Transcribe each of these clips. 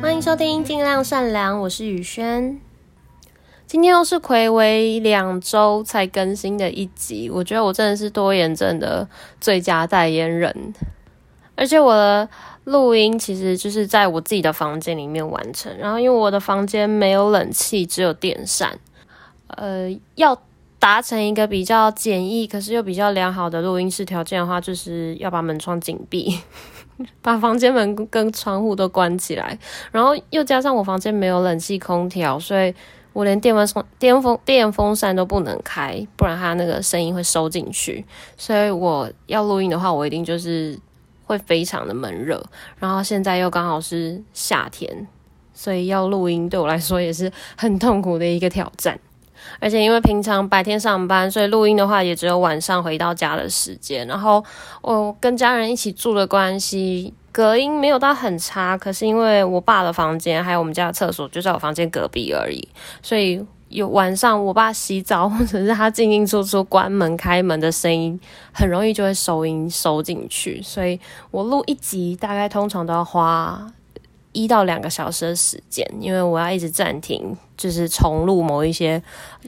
歡迎收聽《盡量善良》，我是宇軒。今天又是睽違兩週才更新的一集，我覺得我真的是多言症的最佳代言人。而且我的錄音其實就是在我自己的房間裡面完成，然後因為我的房間沒有冷氣，只有電扇。呃，要達成一個比較簡易，可是又比較良好的錄音室條件的話，就是要把門窗緊閉，把房間門跟窗戶都關起來。然後又加上我房間沒有冷氣空調，所以我連電風、電風、電風扇都不能開，不然它那個聲音會收進去。所以我要錄音的話，我一定就是會非常的悶熱。然後現在又剛好是夏天，所以要錄音對我來說也是很痛苦的一個挑戰。而且因為平常白天上班，所以錄音的話也只有晚上回到家的時間。然後我、哦、跟家人一起住的關係，隔音沒有到很差，可是因為我爸的房間還有我們家的廁所就在我房間隔壁而已，所以有晚上我爸洗澡或者是他進進出出關門開門的聲音，很容易就會收音收進去。所以我錄一集大概通常都要花一到兩個小時的時間，因為我要一直暫停。就是重錄某一些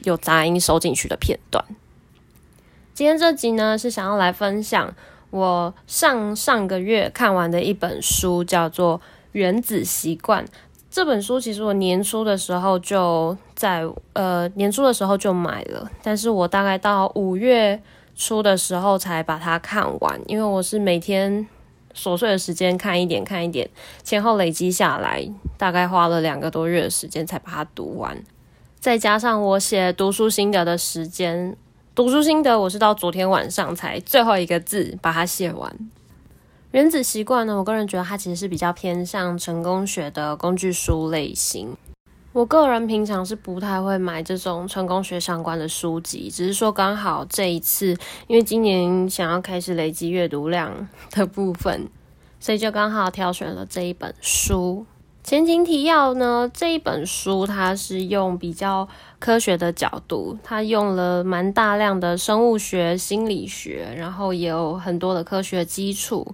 有雜音收進去的片段。今天這集呢，是想要來分享我上上個月看完的一本書，叫做《原子習慣》。這本書其實我年初的時候就在，呃，年初的時候就買了，但是我大概到五月初的時候才把它看完，因為我是每天。瑣碎的時間看一點看一點，前後累積下來，大概花了兩個多月的時間才把它讀完。再加上我寫讀書心得的時間，讀書心得我是到昨天晚上才最後一個字把它寫完。原子習慣呢，我個人覺得它其實是比較偏向成功學的工具書類型。我個人平常是不太會買這種成功學相關的書籍，只是說剛好這一次，因為今年想要開始累積閱讀量的部分，所以就剛好挑選了這一本書。前情提要呢，這一本書它是用比較科學的角度，它用了蠻大量的生物學、心理學，然後也有很多的科學基礎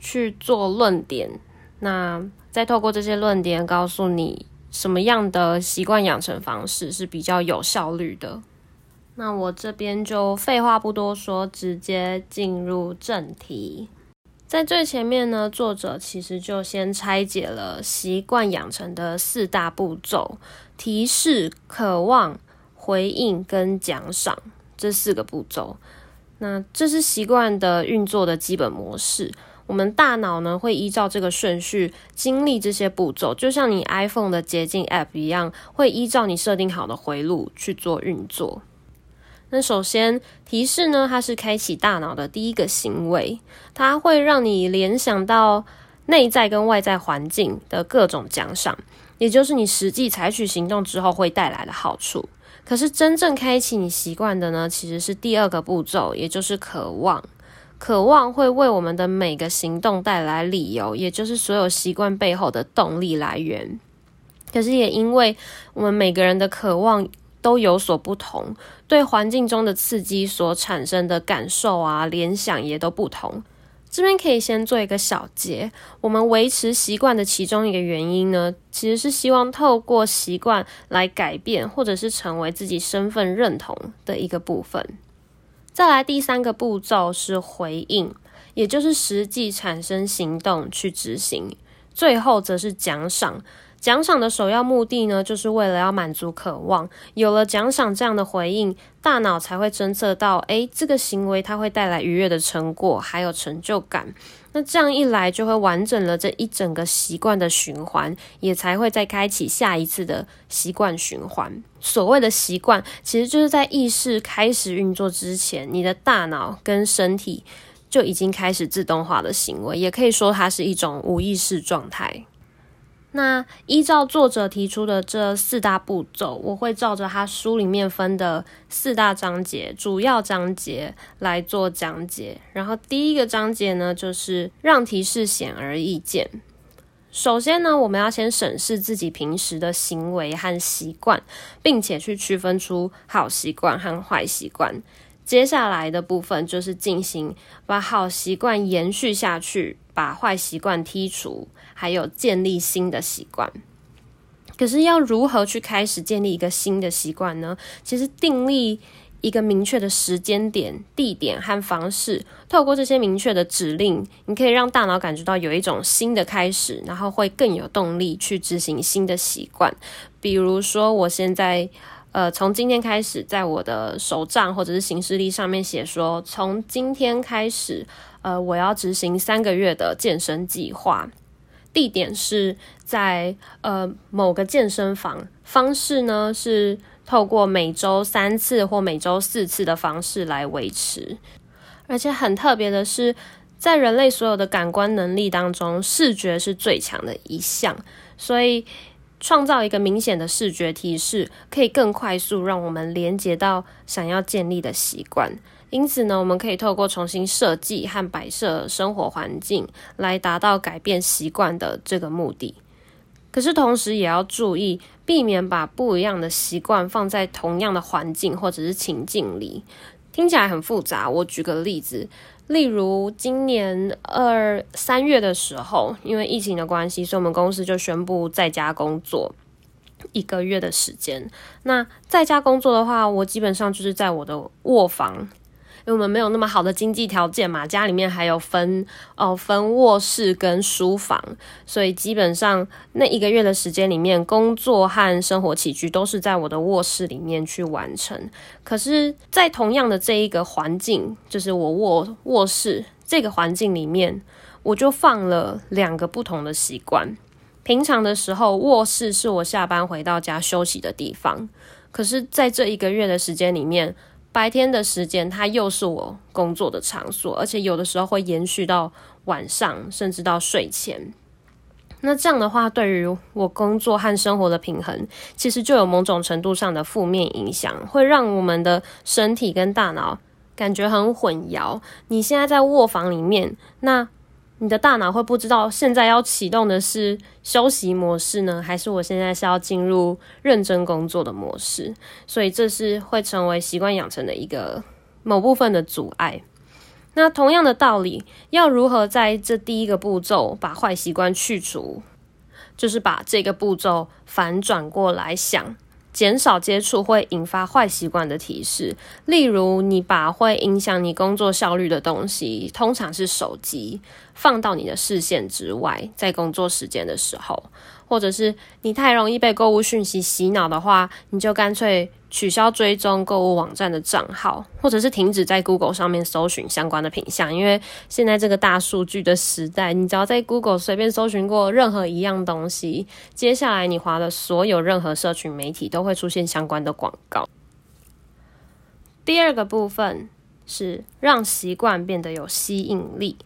去做論點，那再透過這些論點告訴你。什麼樣的習慣養成方式是比較有效率的？那我這邊就廢話不多說，直接進入正題。在最前面呢，作者其實就先拆解了習慣養成的四大步驟：提示、渴望、回應跟獎賞，這四個步驟。那這是習慣的運作的基本模式。我們大腦呢，會依照這個順序經歷這些步驟，就像你 iPhone 的捷徑 App 一樣，會依照你設定好的回路去做運作。那首先提示呢，它是開啟大腦的第一個行為，它會讓你聯想到內在跟外在環境的各種獎賞，也就是你實際採取行動之後會帶來的好處。可是真正開啟你習慣的呢，其實是第二個步驟，也就是渴望。渴望會為我們的每個行動帶來理由，也就是所有習慣背後的動力來源。可是也因為我們每個人的渴望都有所不同，對環境中的刺激所產生的感受啊、聯想也都不同。這邊可以先做一個小結，我們維持習慣的其中一個原因呢，其實是希望透過習慣來改變，或者是成為自己身份認同的一個部分。再來第三個步驟是回應，也就是實際產生行動去執行。最後則是獎賞，獎賞的首要目的呢，就是為了要滿足渴望。有了獎賞這樣的回應，大腦才會偵測到，誒、欸，這個行為它會帶來愉悅的成果，還有成就感。那這樣一來，就會完整了這一整個習慣的循環，也才會再開啟下一次的習慣循環。所謂的習慣，其實就是在意識開始運作之前，你的大腦跟身體就已經開始自動化的行為，也可以說它是一種無意識狀態。那依照作者提出的這四大步驟，我會照着他書裡面分的四大章節、主要章節來做講解。然後第一個章節呢，就是讓提示顯而易見。首先呢，我們要先審視自己平時的行為和習慣，並且去區分出好習慣和壞習慣。接下來的部分就是進行把好習慣延續下去，把壞習慣剔、剔除。還有建立新的習慣，可是要如何去開始建立一個新的習慣呢？其實訂立一個明確的時間點、地點和方式，透過這些明確的指令，你可以讓大腦感覺到有一種新的開始，然後會更有動力去執行新的習慣。比如說，我現在呃，從今天開始，在我的手賬或者是行事曆上面寫說，從今天開始，呃，我要執行三個月的健身計劃。地點是在呃某個健身房，方式呢是透過每周三次或每周四次的方式來維持，而且很特別的是，在人類所有的感官能力當中，視覺是最強的一項，所以創造一個明顯的視覺提示，可以更快速讓我們連接到想要建立的習慣。因此呢，我們可以透過重新設計和擺設生活環境，來達到改變習慣的這個目的。可是同時也要注意，避免把不一樣的習慣放在同樣的環境或者是情境裡。聽起來很複雜，我舉個例子，例如今年二三月的時候，因為疫情的關係，所以我們公司就宣布在家工作一個月的時間。那在家工作的話，我基本上就是在我的臥房。因為我們沒有那麼好的經濟條件嘛，家裡面還有分哦，分臥室跟書房，所以基本上那一個月的時間裡面，工作和生活起居都是在我的臥室裡面去完成。可是在同樣的這一個環境，就是我臥臥室這個環境裡面，我就放了兩個不同的習慣。平常的時候，臥室是我下班回到家休息的地方，可是在這一個月的時間裡面。白天的時間，它又是我工作的場所，而且有的時候會延續到晚上，甚至到睡前。那這樣的話，對於我工作和生活的平衡，其實就有某種程度上的負面影響，會讓我們的身體跟大腦感覺很混淆。你現在在臥房裡面，那你的大腦會不知道現在要啟動的是休息模式呢，還是我現在是要進入認真工作的模式？所以這是會成為習慣養成的一個某部分的阻礙。那同樣的道理，要如何在這第一個步驟把壞習慣去除？就是把這個步驟反轉過來想。減少接觸會引發壞習慣的提示，例如你把會影響你工作效率的東西，通常是手機，放到你的視線之外，在工作時間的時候，或者是你太容易被購物訊息洗腦的話，你就乾脆。取消追蹤購物網站的賬號，或者是停止在 Google 上面搜尋相關的品項。因為現在這個大數據的時代，你只要在 Google 隨便搜尋過任何一樣東西，接下來你滑的所有任何社群媒體都會出現相關的廣告。第二個部分是讓習慣變得有吸引力，《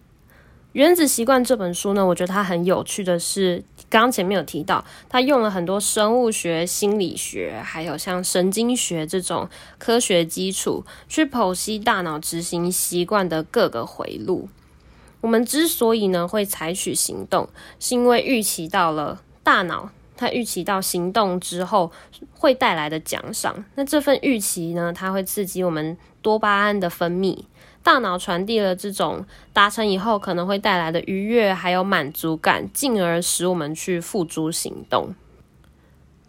原子習慣》這本書呢，我覺得它很有趣的是。剛剛前面有提到，他用了很多生物學、心理學，還有像神經學這種科學基礎，去剖析大腦執行習慣的各個回路。我們之所以呢，會採取行動，是因為預期到了大腦，它預期到行動之後會帶來的獎賞。那這份預期呢，它會刺激我們多巴胺的分泌。大腦傳遞了這種達成以後可能會帶來的愉悅，還有滿足感，進而使我們去付諸行動。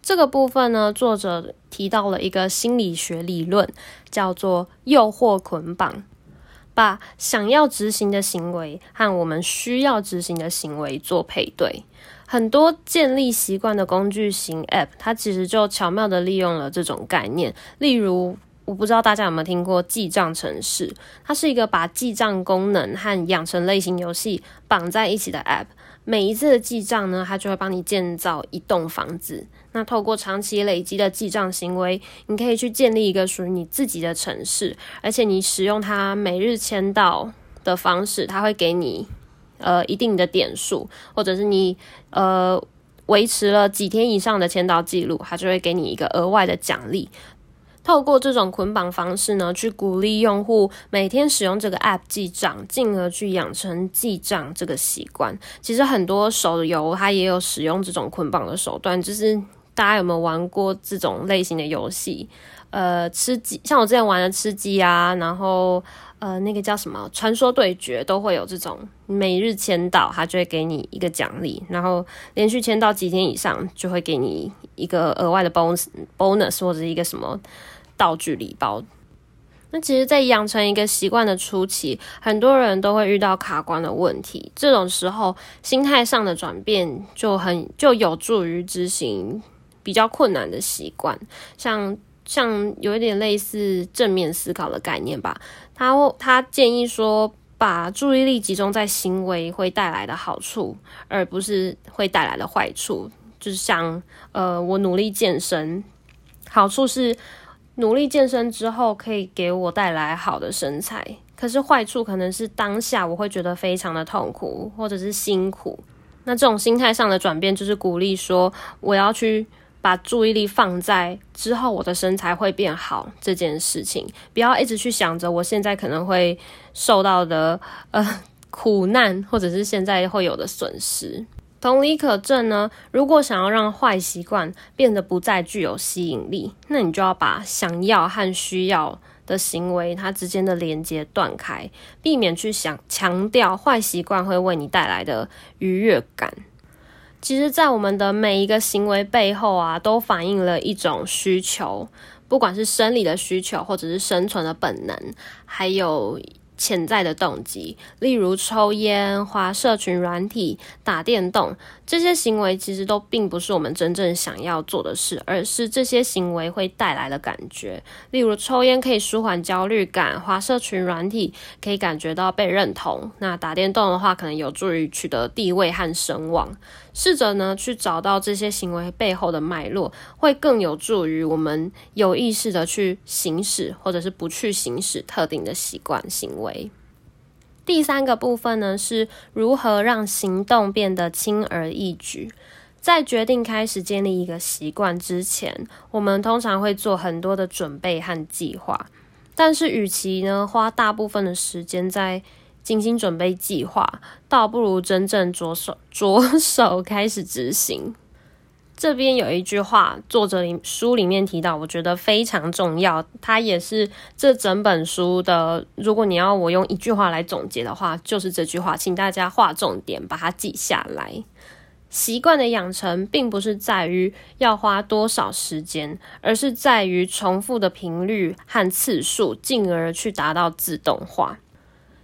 這個部分呢，作者提到了一個心理學理論，叫做“誘惑捆綁”，把想要執行的行為和我們需要執行的行為做配對。很多建立習慣的工具型 App，它其實就巧妙地利用了這種概念，例如，我不知道大家有沒有聽過記賬城市，它是一個把記賬功能和養成類型遊戲綁在一起的 app。每一次的記賬呢，它就會幫你建造一棟房子。那透過長期累積的記賬行為，你可以去建立一個屬於你自己的城市。而且你使用它每日簽到的方式，它會給你呃一定的點數，或者是你呃維持了幾天以上的簽到記錄，它就會給你一個額外的獎勵。透過這種捆綁方式呢，去鼓勵用戶每天使用這個 app 記賬進而去養成記賬這個習慣其實很多手遊它也有使用這種捆綁的手段，就是大家有沒有玩過這種類型的遊戲？呃，吃雞，像我之前玩的吃雞啊，然後呃，那個叫什麼傳說對決，都會有這種每日簽到，它就會給你一個獎勵，然後連續簽到幾天以上，就會給你一個額外的 bonus bonus 或者一個什麼。道具禮包。那其實，在養成一個習慣的初期，很多人都會遇到卡關的問題。這種時候，心態上的轉變就很就有助於執行比較困難的習慣。像像有一點類似正面思考的概念吧。他他建議說，把注意力集中在行為會帶來的好處，而不是會帶來的壞處。就是像呃，我努力健身，好處是。努力健身之後，可以給我帶來好的身材，可是壞處可能是當下我會覺得非常的痛苦或者是辛苦。那這種心態上的轉變，就是鼓勵說我要去把注意力放在之後我的身材會變好這件事情，不要一直去想着我現在可能會受到的呃苦難，或者是現在會有的損失。同理可證呢，如果想要讓壞習慣變得不再具有吸引力，那你就要把想要和需要的行為它之間的連接斷開，避免去想強調壞習慣會為你帶來的愉悅感。其實，在我們的每一個行為背後啊，都反映了一種需求，不管是生理的需求，或者是生存的本能，還有，潛在的動機，例如抽菸、滑社群軟體、打電動，這些行為其實都並不是我們真正想要做的事，而是這些行為會帶來的感覺。例如，抽菸可以舒緩焦慮感，滑社群軟體可以感覺到被認同。那打電動的話，可能有助於取得地位和聲望。試着呢，去找到這些行為背後的脈絡，會更有助於我們有意識的去行使，或者是不去行使特定的習慣行為。第三個部分呢，是如何讓行動變得輕而易舉。在決定開始建立一個習慣之前，我們通常會做很多的準備和計劃。但是，與其呢花大部分的時間在精心準備計劃，倒不如真正着手着手開始執行。這邊有一句話，作者裡書裡面提到，我覺得非常重要。它也是這整本書的。如果你要我用一句話來總結的話，就是這句話，請大家劃重點，把它記下來。習慣的養成，並不是在於要花多少時間，而是在於重複的頻率和次數，進而去達到自動化。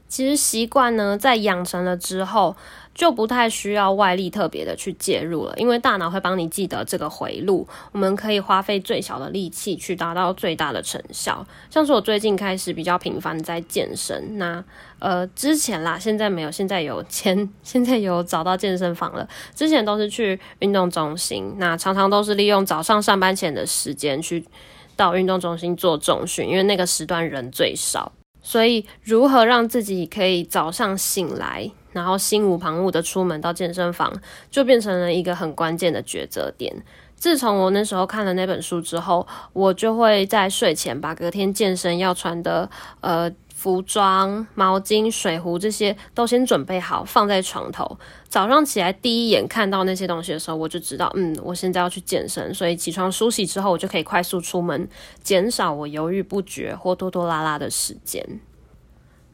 其實習慣呢，在養成了之後，就不太需要外力特別的去介入了，因為大腦會幫你記得這個回路，我們可以花費最小的力氣去達到最大的成效。像是我最近開始比較頻繁在健身，那呃之前啦，現在沒有，現在有簽，現在有找到健身房了。之前都是去運動中心，那常常都是利用早上上班前的時間去到運動中心做重訓，因為那個時段人最少。所以，如何讓自己可以早上醒來，然後心無旁騖的出門到健身房，就變成了一個很關鍵的抉擇點。自從我那時候看了那本書之後，我就會在睡前把隔天健身要穿的，呃。服裝、毛巾、水壺，這些都先準備好，放在床頭。早上起來第一眼看到那些東西的時候，我就知道，嗯，我現在要去健身，所以起床梳洗之後，我就可以快速出門，減少我猶豫不決或拖拖拉拉的時間。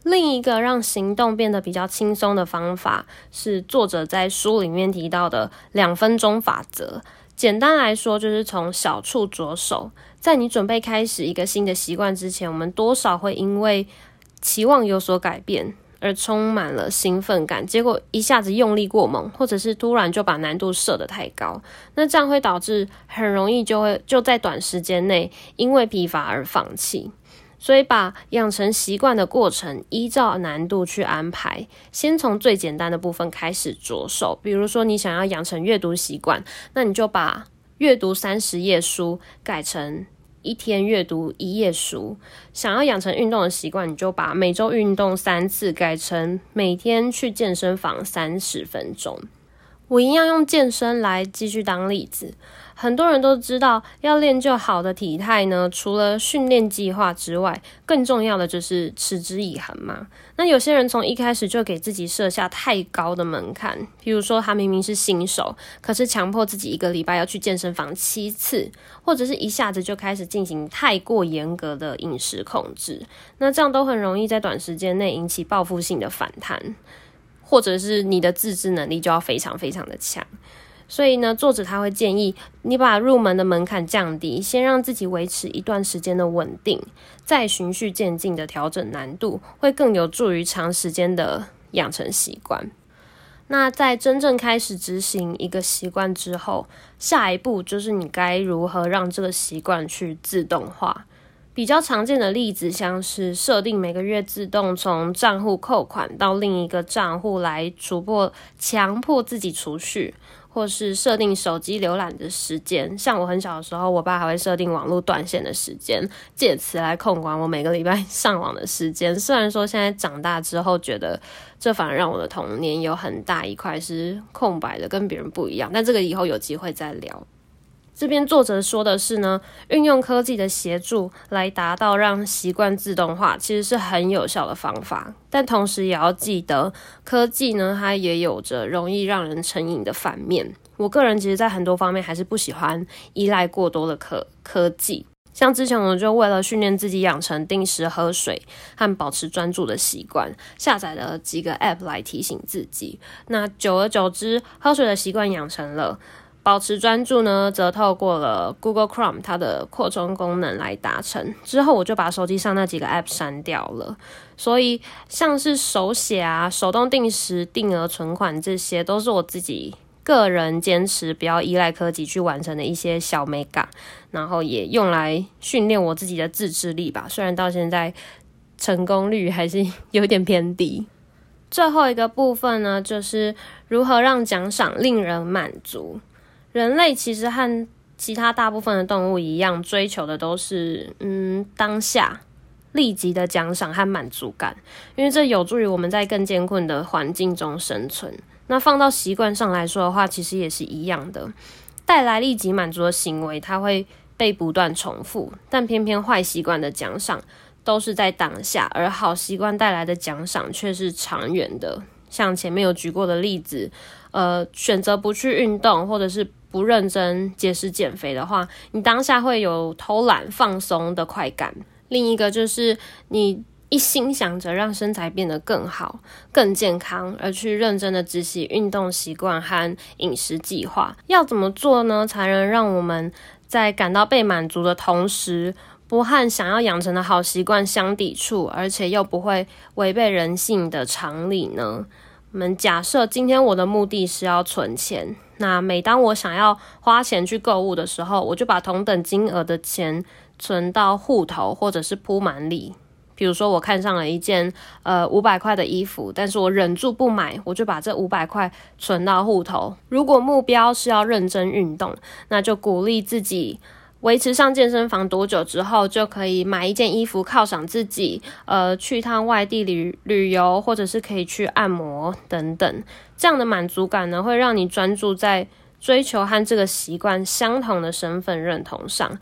另一個讓行動變得比較輕鬆的方法，是作者在書裡面提到的兩分鐘法則。簡單來說，就是從小處着手，在你準備開始一個新的習慣之前，我們多少會因為期望有所改變，而充滿了興奮感，結果一下子用力過猛，或者是突然就把難度設得太高，那這樣會導致很容易就會就在短時間內因為疲乏而放棄。所以把養成習慣的過程依照難度去安排，先從最簡單的部分開始着手。比如說你想要養成閱讀習慣，那你就把閱讀三十頁書改成，一天閱讀一頁書，想要養成運動的習慣，你就把每周運動三次改成每天去健身房三十分鐘。我一樣用健身來繼續當例子。很多人都知道，要練就好的體態呢，除了訓練計劃之外，更重要的就是持之以恆嘛。那有些人從一開始就給自己設下太高的門檻，比如說他明明是新手，可是強迫自己一個禮拜要去健身房七次，或者是一下子就開始進行太過嚴格的飲食控制，那這樣都很容易在短時間內引起報復性的反彈，或者是你的自制能力就要非常非常的強。所以呢，作者他會建議你把入門的門檻降低，先讓自己維持一段時間的穩定，再循序漸進的調整難度，會更有助於長時間的養成習慣。那在真正開始執行一個習慣之後，下一步就是你該如何讓這個習慣去自動化。比較常見的例子像是設定每個月自動從賬戶扣款到另一個賬戶來逐步，強迫自己儲蓄，或是設定手機瀏覽的時間。像我很小的時候，我爸還會設定網絡斷線的時間，借此來控管我每個禮拜上網的時間。雖然說現在長大之後，覺得這反而讓我的童年有很大一塊是空白的，跟別人不一樣。但這個以後有機會再聊。這邊作者說的是呢，運用科技的協助來達到讓習慣自動化，其實是很有效的方法。但同時也要記得，科技呢，它也有着容易讓人成癮的反面。我個人其實在很多方面還是不喜歡依賴過多的科科技。像之前我就為了訓練自己養成定時喝水和保持專注的習慣，下載了幾個 App 來提醒自己。那久而久之，喝水的習慣養成了。保持專注呢，則透過了 Google Chrome 它的擴充功能來達成。之後我就把手機上那幾個 App 刪掉了。所以像是手寫啊、手動定時、定額存款這些，都是我自己個人堅持不要依賴科技去完成的一些小美感。然後也用來訓練我自己的自制力吧。雖然到現在成功率還是有點偏低。最後一個部分呢，就是如何讓獎賞令人滿足。人類其實和其他大部分的動物一樣，追求的都是嗯，當下立即的獎賞和滿足感，因為這有助於我們在更艱困的環境中生存。那放到習慣上來說的話，其實也是一樣的，帶來立即滿足的行為，它會被不斷重複。但偏偏壞習慣的獎賞都是在當下，而好習慣帶來的獎賞卻是長遠的。像前面有舉過的例子，呃，選擇不去運動，或者是不認真節食減肥的話，你當下會有偷懶放鬆的快感。另一個就是你一心想着讓身材變得更好、更健康，而去認真的執行運動習慣和飲食計劃。要怎麼做呢？才能讓我們在感到被滿足的同時，不和想要養成的好習慣相抵觸，而且又不會違背人性的常理呢？我們假設今天我的目的是要存錢，那每當我想要花錢去購物的時候，我就把同等金額的錢存到戶頭或者是撲滿裡。比如說，我看上了一件呃五百塊的衣服，但是我忍住不買，我就把這五百塊存到戶頭。如果目標是要認真運動，那就鼓勵自己。維持上健身房多久之後，就可以買一件衣服犒賞自己，呃，去趟外地旅旅遊，或者是可以去按摩等等。這樣的滿足感呢，會讓你專注在追求和這個習慣相同的身份認同上。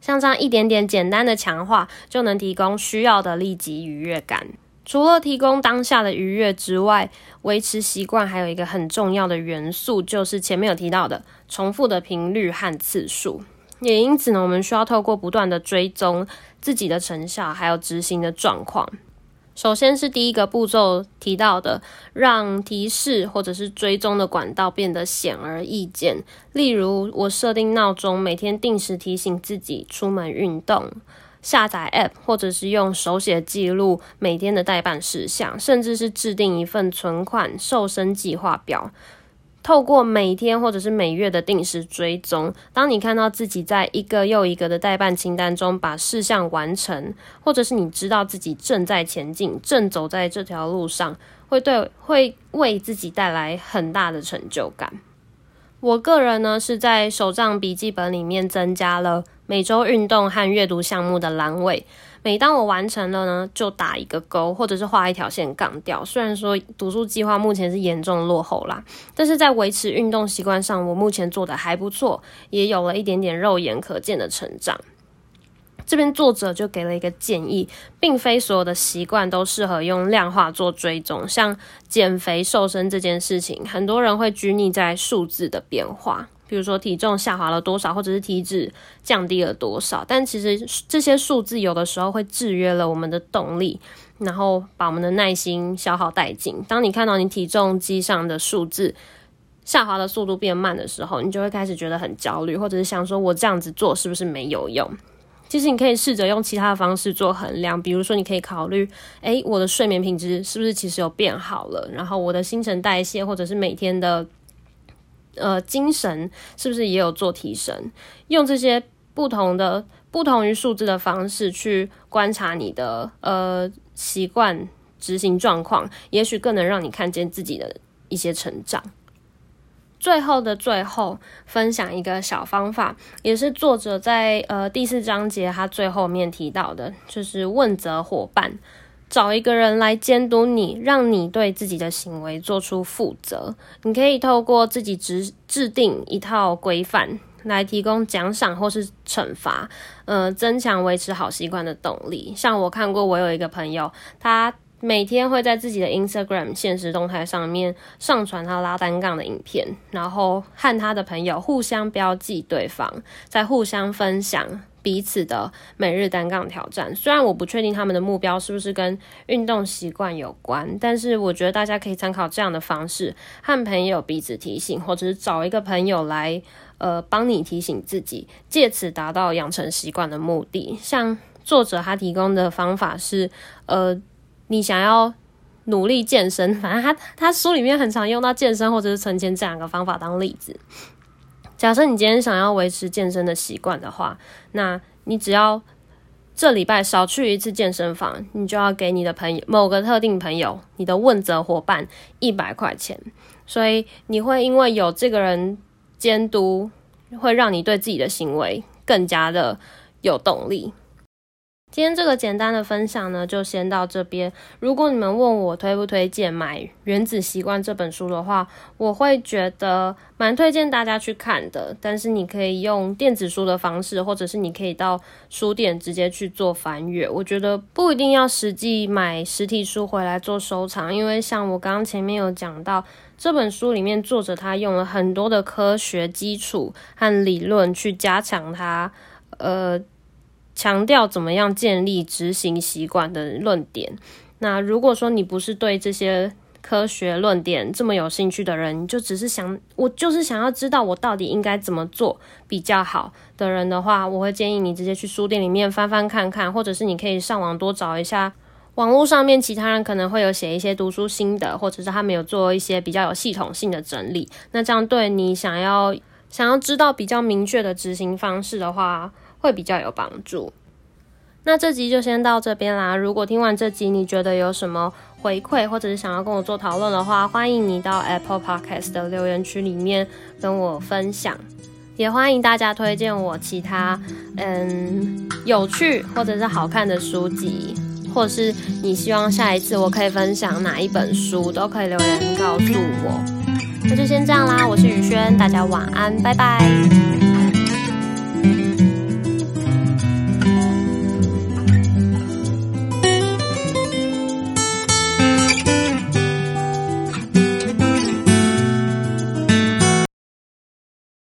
像這樣一點點簡單的強化，就能提供需要的立即愉悅感。除了提供當下的愉悅之外，維持習慣還有一個很重要的元素，就是前面有提到的重複的頻率和次數。也因此呢，我們需要透過不斷的追蹤自己的成效，還有執行的狀況。首先是第一個步驟提到的，讓提示或者是追蹤的管道變得顯而易見。例如，我設定鬧鐘，每天定時提醒自己出門運動；下載 App，或者是用手寫記錄每天的待辦事項，甚至是制定一份存款瘦身計劃表。透過每天或者是每月的定時追蹤，當你看到自己在一個又一個的代辦清單中把事項完成，或者是你知道自己正在前進，正走在這條路上，會對會為自己帶來很大的成就感。我個人呢是在手賬筆記本裡面增加了每周運動和閱讀項目的欄位。每當我完成了呢，就打一個勾，或者是畫一條線槓掉。雖然說讀書計劃目前是嚴重落後啦，但是在維持運動習慣上，我目前做得還不錯，也有了一點點肉眼可見的成長。這邊作者就給了一個建議，並非所有的習慣都適合用量化做追蹤，像減肥瘦身這件事情，很多人會拘泥在數字的變化。比如說體重下滑了多少，或者是體脂降低了多少，但其實這些數字有的時候會制約了我們的動力，然後把我們的耐心消耗殆盡。當你看到你體重機上的數字下滑的速度變慢的時候，你就會開始覺得很焦慮，或者是想說：“我這樣子做是不是沒有用？”其實你可以試着用其他的方式做衡量，比如說你可以考慮：“誒，我的睡眠品質是不是其實有變好了？”然後我的新陳代謝，或者是每天的……呃，精神是不是也有做提升？用這些不同的、不同於數字的方式去觀察你的呃習慣執行狀況，也許更能讓你看見自己的一些成長。最後的最後，分享一個小方法，也是作者在呃第四章節他最後面提到的，就是問責伙伴。找一個人來監督你，讓你對自己的行為做出負責。你可以透過自己制制定一套規範，來提供獎賞或是懲罰，呃，增強維持好習慣的動力。像我看過，我有一個朋友，他每天會在自己的 Instagram 限時動態上面上傳他拉單槓的影片，然後和他的朋友互相標記對方，再互相分享。彼此的每日單槓挑戰。雖然我不確定他們的目標是不是跟運動習慣有關，但是我覺得大家可以參考這樣的方式，和朋友彼此提醒，或者是找一個朋友來，呃，幫你提醒自己，借此達到養成習慣的目的。像作者他提供的方法是，呃，你想要努力健身，反正他他書裡面很常用到健身或者是存錢這兩個方法當例子。假設你今天想要維持健身的習慣的話，那你只要這禮拜少去一次健身房，你就要給你的朋友，某個特定朋友，你的問責夥伴一百塊錢。所以你會因為有這個人監督，會讓你對自己的行為更加的有動力。今天這個簡單的分享呢，就先到這邊。如果你們問我推不推薦買《原子習慣》這本書的話，我會覺得蠻推薦大家去看的。但是你可以用電子書的方式，或者是你可以到書店直接去做翻閱。我覺得不一定要實際買實體書回來做收藏，因為像我剛剛前面有講到，這本書裡面作者他用了很多的科學基礎和理論去加強他，呃。強調怎麼樣建立執行習慣的論點。那如果說你不是對這些科學論點這麼有興趣的人，你就只是想，我就是想要知道我到底應該怎麼做比較好的人的話，我會建議你直接去書店裡面翻翻看看，或者是你可以上網多找一下網絡上面其他人可能會有寫一些讀書心得，或者是他們有做一些比較有系統性的整理。那這樣對你想要想要知道比較明確的執行方式的話，會比較有幫助。那這集就先到這邊啦。如果聽完這集你覺得有什麼回饋，或者是想要跟我做討論的話，歡迎你到 Apple Podcast 的留言區裡面跟我分享。也歡迎大家推薦我其他嗯有趣或者是好看的書籍，或者是你希望下一次我可以分享哪一本書，都可以留言告訴我。那就先這樣啦，我是宇軒，大家晚安，拜拜。